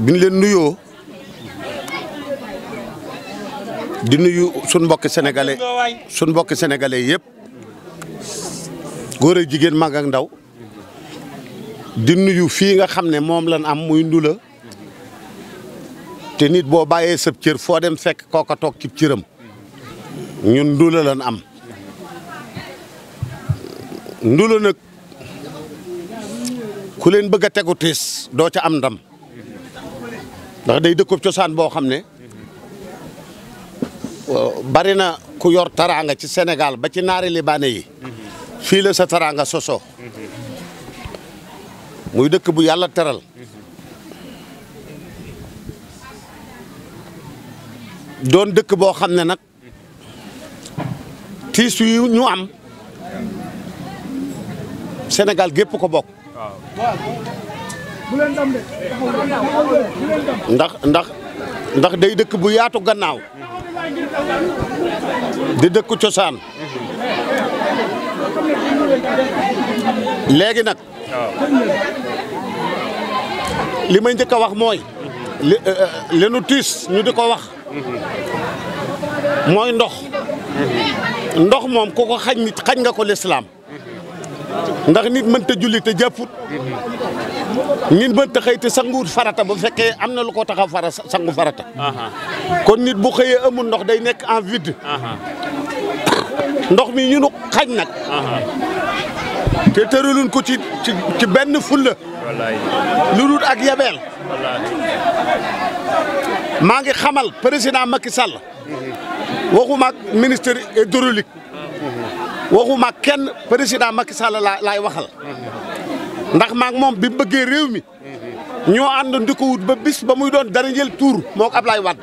bi leen nuyoo di nuyu suñ mbokki sénégalais suñ mbokki sénégalais yëpp góor ak jigéen mag ndaw di nuyu fii nga xam ne moom lañ am muy ndula te nit boo bàyyee sëb cër foo dem fekk kooka toog cib cëram ñun ndula lan am ndula nag ku leen bëgg a tegu tiis doo ca am ndam ndax day dëkku cosaan boo xam ne bari na ku yor taraanga ci senegal ba ci naari libaane yi fii sa taraanga soso muy dëkk bu yàlla teral doon dëkk boo xam ne nag tiis yu ñu am Sénégal gépp ko bokk ndax ndax ndax day dëkk bu yaatu gannaaw di dëkk cosaan léegi nag li may njëkk a wax mooy li euh, euh, li ñu di ko wax mooy ndox ndox moom ku ko xañ nit xañ nga ko lislaam ndax nit mënta julli te jàpput ngeen ba taxay te sangu farata bu fekkee am na lu ko taxaw fara sangu farata kon nit bu xëyee amul ndox day nekk en vide ndox mi ñu nu xañ nag te tëraluñ ko ci ci benn fulla lu dul ak yabeel maa ngi xamal président Macky Sall waxuma ak ministre hydraulique waxuma ak kenn président Macky Sall laa laay waxal ndax maak moom bi mu bëggee réew mi ñoo ànd ndiko wut ba bis ba muy doon dernier tuur moo ko Ablaye Wade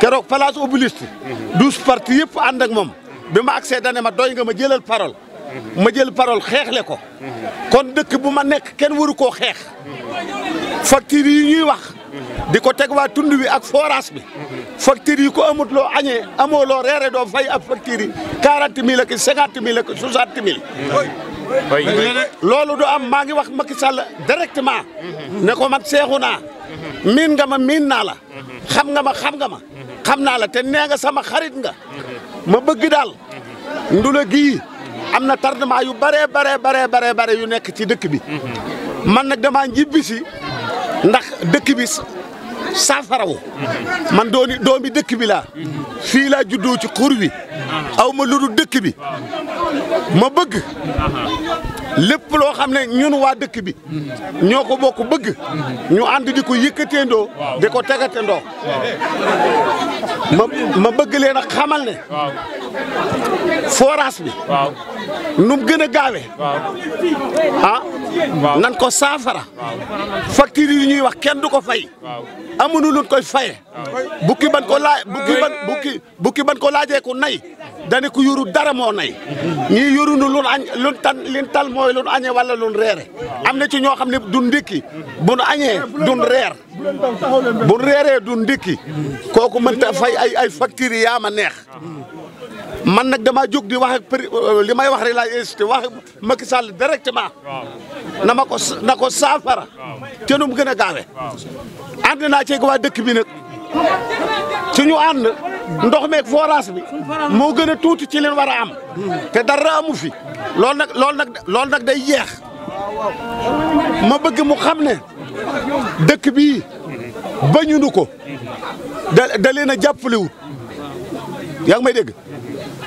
keroog place Obélisque duus parti yëpp ànd ak moom bi ma agsee dane ma doy nga ma jëlal parole ma jël parole xeexle ko kon dëkk bu ma nekk kenn waru koo xeex facture yi ñuy wax di ko teg waa tund wi ak forage bi factures yi ko amut loo añee amoo loo reere doo fay ab factures yi quarante mille ak cinquante mille ak soixante mille loolu du am maa ngi wax Macky Sall directement ne ko man seexu naa miin nga ma miin naa la xam nga ma xam nga ma xam naa la te nee nga sama xarit nga ma bëgg daal ndula gii am na tardement yu bare bare bare bare bare yu nekk ci dëkk bi man nag damaa njibbi si ndax dëkk bi saafarawu man dooni doomi dëkk bi laa fii laa juddoo ci xur wi aw ma lu dul dëkk bi ma bëgg lépp loo xam ne ñun waa dëkk bi ñoo ko bokk bëgg ñu ànd di ko yëkkateendoo di ko tegateendoo ndoo ma bëgg leen xamal ne forage bi. waaw gën a gaawee. ah. nan ko saafara. facture yi ñuy wax kenn du ko fay. amuñu luñ koy faye bukki ban ko laa bukki bukki bukki ko laajee ku nay. dani ku yoru dara moo nay. Mhm. ñii yorunu luñ tan liñ tal mooy luñ añee wala luñ reere. am na ci ñoo xam ne du ndékki mhm. buñ añee duñ reer. buñ reeree duñ ndékki mhm. kooku mënta fay ay ay factures neex. man nag damaa jóg di wax ak euh, li may wax rek laay insisté wax ak Macky Sall directement. na ma ko na ko saafara. te nu mu gën a gaawe ànd naa ceeg waa dëkk bi nag suñu ànd ndox meeg forage bi moo gën a tuuti ci leen war am. Hmm. te dara amu fi. loolu nag loolu nag day yeex ma bëgg mu xam ne dëkk bii bañu ko da da leen a jàppalewut yaa ngi may dégg.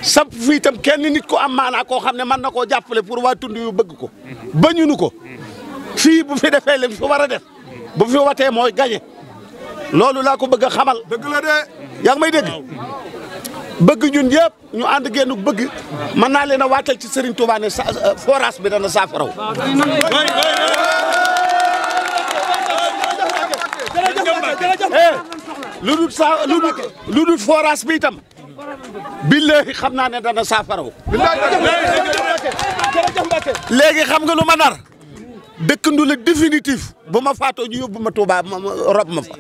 samp fii itam kenn nit ko am maanaa koo xam ne mën na koo jàppale pour waa tund yu bëgg ko bañunu ko fii bu fi defee lim fi war a def bu fi watee mooy gañe loolu laa ko bëgg a xamal dëgg la de may dégg bëgg ñun yëpp ñu ànd génn bëgg mën naa leen a waatal ci Serigne Touba ne euh, forage bi dana saafaraw eh, lu dul sa lu dul forage bi itam billahi xam naa ne dana saafaraw léegi xam nga lu ma nar dëkkandu la définitif bu ma faatoo ñu yóbbu ma Touba ma rob ma fa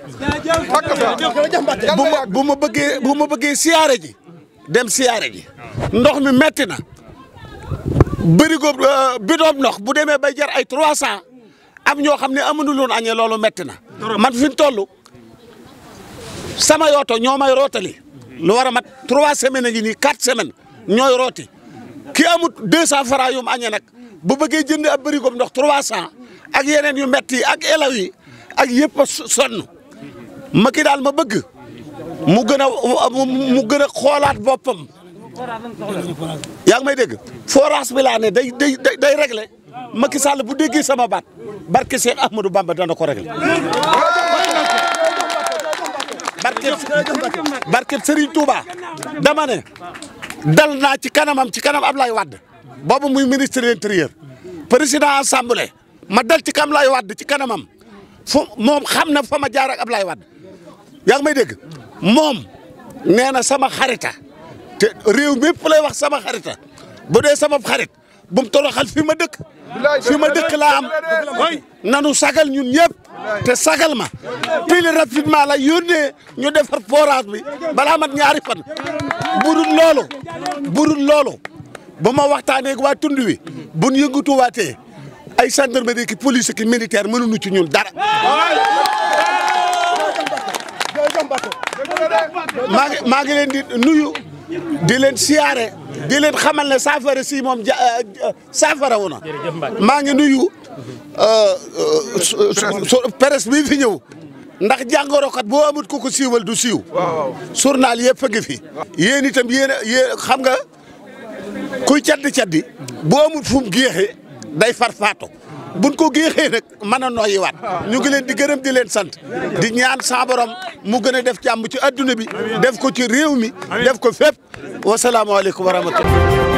bu ma bu bëggee bu ma bëggee siyaare ji dem siyaare ji ndox mi metti na bërigo euh, bidoob ndox bu demee bay jar ay trois cent am ñoo xam ne amuñu loon añee loolu metti na man fi mu toll sama yooto ñoo may rootali lu war a mat trois semaines a ngi nii quatre semaines ñooy rooti ki amut deux cent franc yu mu añee nag bu bëggee jënd ab bëri goom ndox trois cent ak yeneen yu metti yi ak elaw yi ak yëpp a sonn ma ki daal ma bëgg mu gën a mu gën a xoolaat boppam yaa ngi may dégg forage bi laa day day day réglé Macky Sall bu déggee sama baat barke Cheikh Ahmadou Bamba dana ko réglé barkeb barkeb Serigne Touba dama ne dal naa ci kanamam ci kanam Ablaye Wade boobu muy ministre de l'intérieur président assemblée ma dal ci kam Ablaye Wade ci kanamam fu moom xam na fa ma jaar ak Ablaye Wade yaa ngi may dégg moom nee na sama xarita te réew mi yëpp lay wax sama xarita bu dee sama xarit bu mu toroxal fi ma dëkk fi ma dëkk laa am nanu sagal ñun ñëpp te sagal ma pile rapidement la yónnee ñu defar forage bi balaa mat ñaari fan burul loolu burul loolu ba ma waxtaanee waa tund wi bu ñu yëngatuwaatee ay gendarmerie ki police ki militaire mënuñu ci ñun dara. maa ngi maa ngi leen di nuyu di leen siyaare di leen xamal ne saafara si moom ja eh, saafara na maa ngi nuyu. Euh, euh, presse bi fi ñëw ndax jàngorokat boo amut ko ko siiwal du siiw. journal yëpp a ngi fi. yéen itam yéen a xam nga kuy caddi caddi boo amut fu mu géexee day far bun ko géexee nag mën a noyyiwaat ñu ngi leen di gërëm di leen sant di ñaan sa mu gën a def jàmm ci adduna bi def ko ci réew mi def ko fépp wasalaamaaleykum wa rahmatulah.